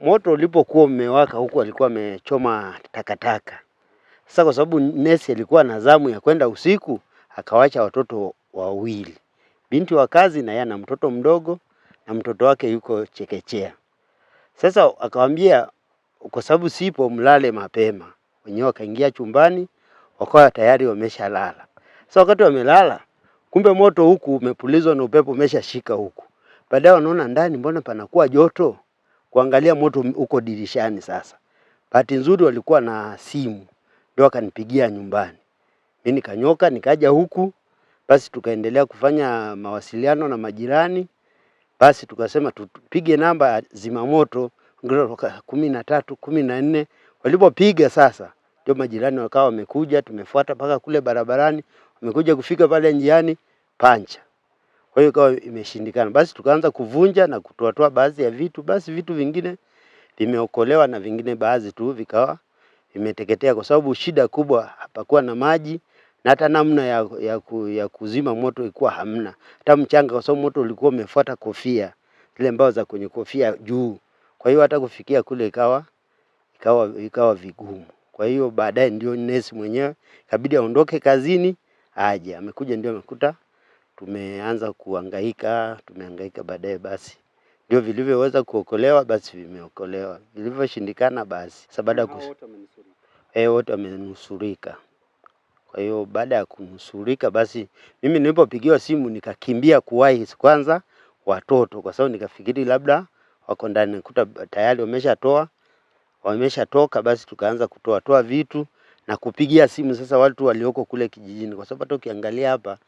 Moto ulipokuwa umewaka huku alikuwa amechoma takataka. Sasa kwa sababu nesi alikuwa na zamu ya kwenda usiku, akawacha watoto wawili, binti wa kazi na yeye na mtoto mdogo, na mtoto wake yuko chekechea. Sasa akawambia kwa sababu sipo, mlale mapema. Wenyewe wakaingia chumbani, wakawa tayari wameshalala. Sasa wakati wamelala, kumbe moto huku umepulizwa na upepo umeshashika huku, baadaye wanaona ndani, mbona panakuwa joto? kuangalia moto uko dirishani. Sasa bahati nzuri walikuwa na simu, ndio akanipigia nyumbani, mimi nikanyoka, nikaja huku. Basi tukaendelea kufanya mawasiliano na majirani, basi tukasema tupige namba zimamoto kumi na tatu kumi na nne walipopiga sasa ndio majirani wakawa wamekuja, tumefuata mpaka kule barabarani, wamekuja kufika pale njiani Pancha. Kwa hiyo ikawa imeshindikana, basi tukaanza kuvunja na kutoatoa baadhi ya vitu, basi vitu vingine vimeokolewa na vingine baadhi tu vikawa vimeteketea, kwa sababu shida kubwa hapakuwa na maji na hata namna ya, ya, ku, ya kuzima moto ilikuwa hamna, hata mchanga, kwa sababu moto ulikuwa umefuata kofia zile mbao za kwenye kofia juu. Kwa hiyo hata kufikia kule ikawa ikawa ikawa vigumu. Kwa hiyo baadaye ndio nesi mwenyewe ikabidi aondoke kazini aje, amekuja ndio amekuta tumeanza kuangaika tumeangaika baadaye basi ndio vilivyoweza kuokolewa basi vimeokolewa, vilivyoshindikana basi baada kus... eh, wote wamenusurika. Kwa hiyo baada ya kunusurika basi, mimi nilipopigiwa simu nikakimbia kuwahi kwanza watoto, kwa sababu nikafikiri labda wako ndani, kuta tayari wameshatoa wameshatoka. Basi tukaanza kutoa toa vitu na kupigia simu sasa watu walioko kule kijijini, kwa sababu hata ukiangalia hapa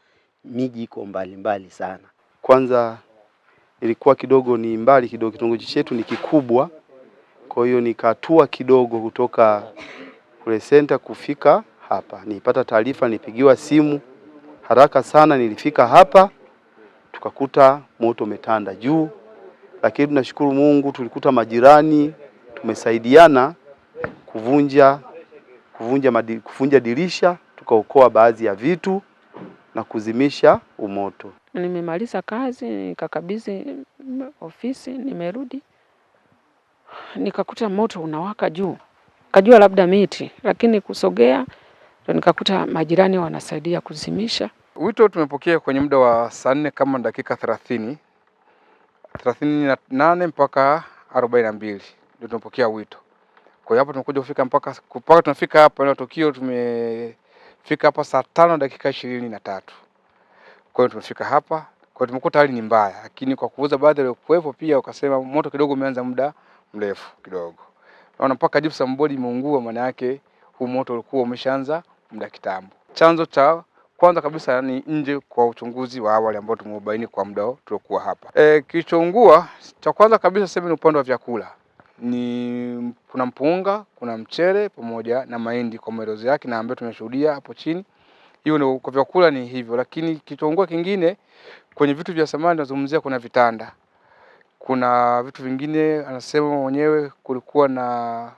miji iko mbali mbali sana. Kwanza ilikuwa kidogo ni mbali kidogo, kitongoji chetu ni kikubwa, kwa hiyo nikatua kidogo kutoka kule senta kufika hapa. Nilipata taarifa, nilipigiwa simu haraka sana, nilifika hapa tukakuta moto umetanda juu, lakini tunashukuru Mungu tulikuta majirani, tumesaidiana kuvunja kuvunja, kuvunja dirisha tukaokoa baadhi ya vitu na kuzimisha umoto. Nimemaliza kazi nikakabidhi ofisi, nimerudi nikakuta moto unawaka juu, kajua labda miti, lakini kusogea ndo nikakuta majirani wanasaidia kuzimisha. Wito tumepokea kwenye muda wa saa nne kama dakika thelathini thelathini na nane mpaka arobaini na mbili ndio tumepokea wito. Kwa hiyo hapo tumekuja kufika mpaka mpaka tunafika hapa eneo tukio tume fika hapa saa tano dakika ishirini na tatu. Kwa hiyo tumefika hapa, kwa tumekuta hali ni mbaya, lakini kwa kuuza baadhi waliokuwepo pia wakasema moto kidogo umeanza muda mrefu kidogo. Naona mpaka gypsum board imeungua, maana yake huu moto ulikuwa umeshaanza muda kitambo. Chanzo cha kwanza kabisa ni nje, kwa uchunguzi wa awali ambao tumeubaini kwa muda tuliokuwa hapa. E, kilichoungua cha kwanza kabisa sema ni upande wa vyakula ni kuna mpunga, kuna mchele pamoja na mahindi kwa maelezo yake na ambayo tumeshuhudia hapo chini. Hiyo ndio kwa vyakula ni hivyo, lakini kilichoungua kingine kwenye vitu vya samani tunazungumzia, kuna vitanda, kuna vitu vingine. Anasema mwenyewe kulikuwa na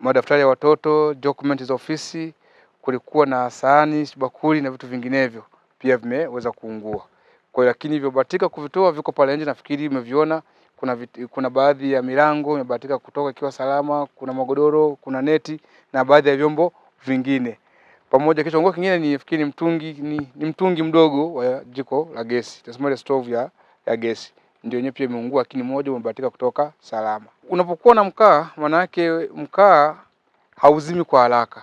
madaftari ya watoto, document za ofisi, kulikuwa na sahani, bakuli na vitu vinginevyo pia vimeweza kuungua. Kwa lakini hivyo kuvitoa, viko pale nje, nafikiri umeviona kuna, kuna baadhi ya milango imebahatika kutoka ikiwa salama, kuna magodoro, kuna neti na baadhi ya vyombo vingine pamoja. Kichongoo kingine ni fikiri mtungi ni, ni mtungi mdogo wa jiko la gesi, tunasema ile stove ya, ya gesi ndio yenyewe pia imeungua, lakini moja umebahatika kutoka salama. Unapokuwa na mkaa, manake mkaa hauzimi kwa haraka,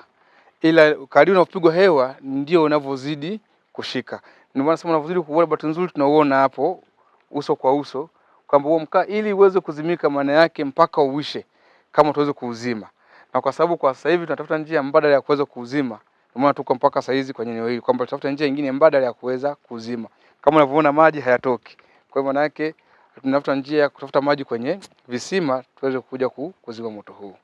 ila kadri unapigwa hewa ndio unavyozidi kushika. Ndio maana sema unavyozidi kuona, bati nzuri tunauona hapo uso kwa uso kwamba huo mkaa ili uweze kuzimika, maana yake mpaka uishe kama tuweze kuuzima, na kwa sababu kwa sasa hivi tunatafuta njia mbadala ya kuweza kuuzima, ndio maana tuko mpaka sasa hizi kwenye eneo hili kwamba tutafuta njia nyingine mbadala ya kuweza kuuzima. Kama unavyoona maji hayatoki, kwa hiyo maana yake tunatafuta njia ya kutafuta maji kwenye visima tuweze kuja kuzima moto huu.